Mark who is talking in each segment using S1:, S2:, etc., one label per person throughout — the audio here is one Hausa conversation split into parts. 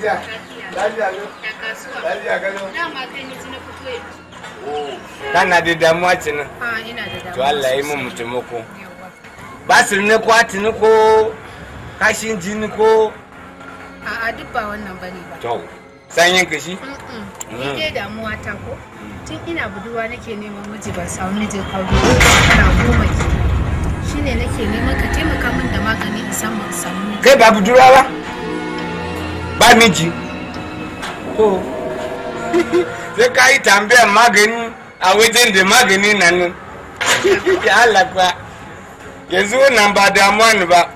S1: gajiya kana da damuwa ce nan a ina da damuwa to Allah ya yi mun ba su ne ko ati atini ko kashin ji jini ko a a duk ba wannan bane ba to san yin kashi mm. ni dai damuwa ta ko mm. tun ina buduwa nake neman miji ban samu mijin kawo ina goma ke shine nake neman ka taimaka min da magani in samu samu kai ba buduwa ba ba miji to sai ka yi tambayar magani a wajen da magani na nan ya halaka yanzu wannan ba damuwa ne ba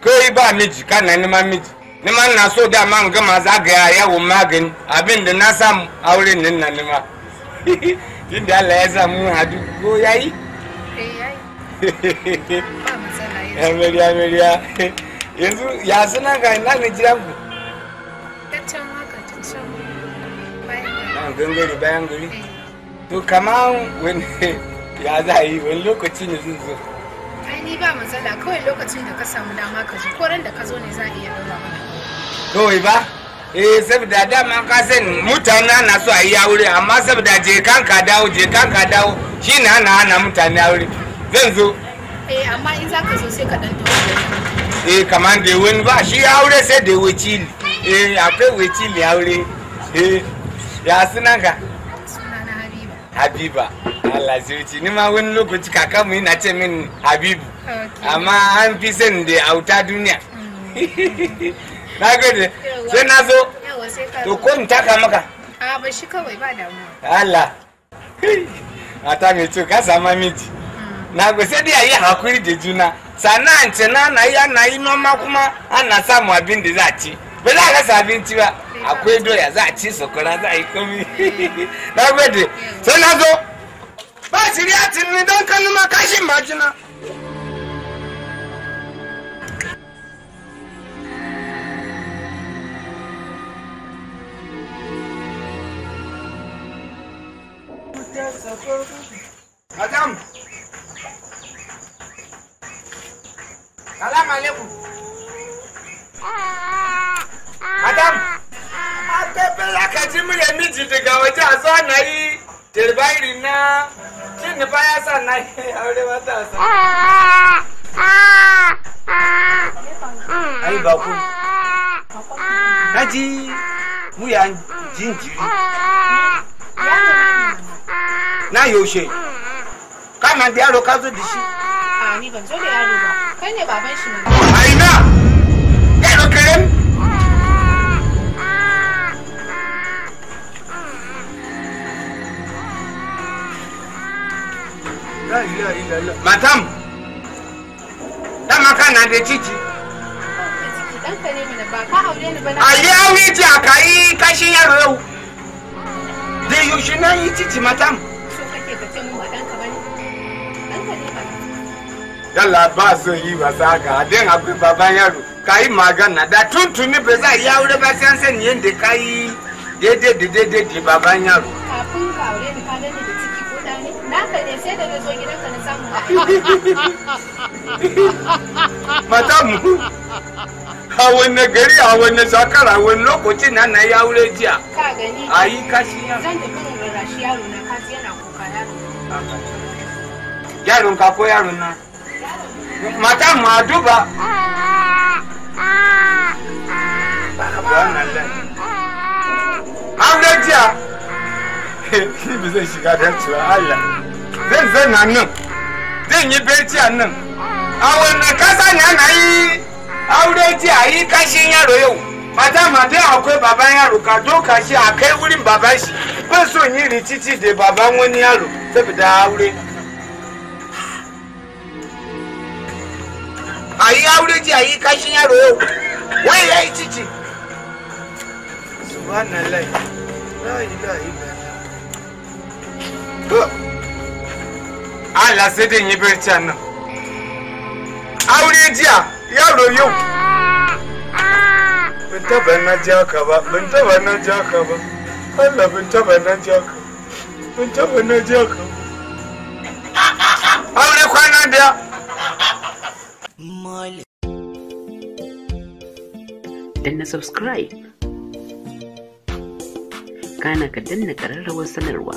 S1: kai ba miji kana nima miji nima na so da ma gama zagaya yawon magani abin da na samu auren nan na nima inda Allah ya samu hadu ko yayi eh yayi ya yanzu ya suna ga ina ne jiran ta can gangare bayan gari to kamar wani ya za a yi wani lokaci ne zan zo ni ba matsala kawai lokacin da ka samu dama ka zo ko da ka zo ne za a iya daura kawai ba eh saboda dama ka san mutane na so a yi aure amma saboda je kan ka dawo je kan ka dawo shi na ana ana mutane aure zan zo eh amma in za ka zo sai ka dan tawo eh kamar da wani ba shi aure sai da wuci eh akwai weci mai aure eh ya sunan ka sunana habiba habiba Allah zuci ni ma wani lokaci kakamu yana ce min habibu amma an fi son da auta duniya mm. na gode sai na zo to ko ta ka maka a ba shi kawai ba damuwa Allah mata mai ciwo ka sama miji mm. na gode sai dai a yi hakuri da juna sannan ce na na yi ana yi noma kuma ana samu abin da za a ci ba za a rasa abinci ba akwai doya za a ci sakwara za a yi komi na gode sai na zo ba shirya tunni don kanu ma kashin majina Madam. Salam alaikum. Ah. daga wata a sa na yi tirbairi na cin nufa ya sa na yi aure mata matasa ai ba ku naji mu ya jinjiri na yaushe kama da yaro ka zo da shi a ni ban zo da yaro ba kai ne baban shi ne aina matam
S2: dama kana da
S1: ciki a yi aure ji a kayi kashin yaro yau da yaushe na yi ciki madam yalla ba so yi ba sa haka din akwai baban yaro ka yi magana da tuntuni ba za a yi aure ba sai an sani yadda ka yi daidai da daidai da baban yaro kafin ka aure ka dani da ciki haka ne da madamu a wanne gari a wanne zakara wani lokacin na ya wure jiya ka gani a yi kashi ya zan tafi shi yaro na yana kuka yaro yaron ka ko yaron na madamu a duba Abdajiya! Ni ba zai shiga don Allah. zan zanna nan zan yi a nan a wannan kasa ne ana yi aure a yi kashin yaro yau ka doka shi a kai wurin baban shi ban son yin rikici da baban wani yaro saboda aure a yi a yi yi Allah sai dai yi bircan nan aure jiya yaro yau bin ban na ja ka ba bin ban na ja ka ba Allah bin ban na ja ka bin ban na ja ka
S2: aure kwana biya
S1: danna subscribe kana ka danna kararrawar sanarwa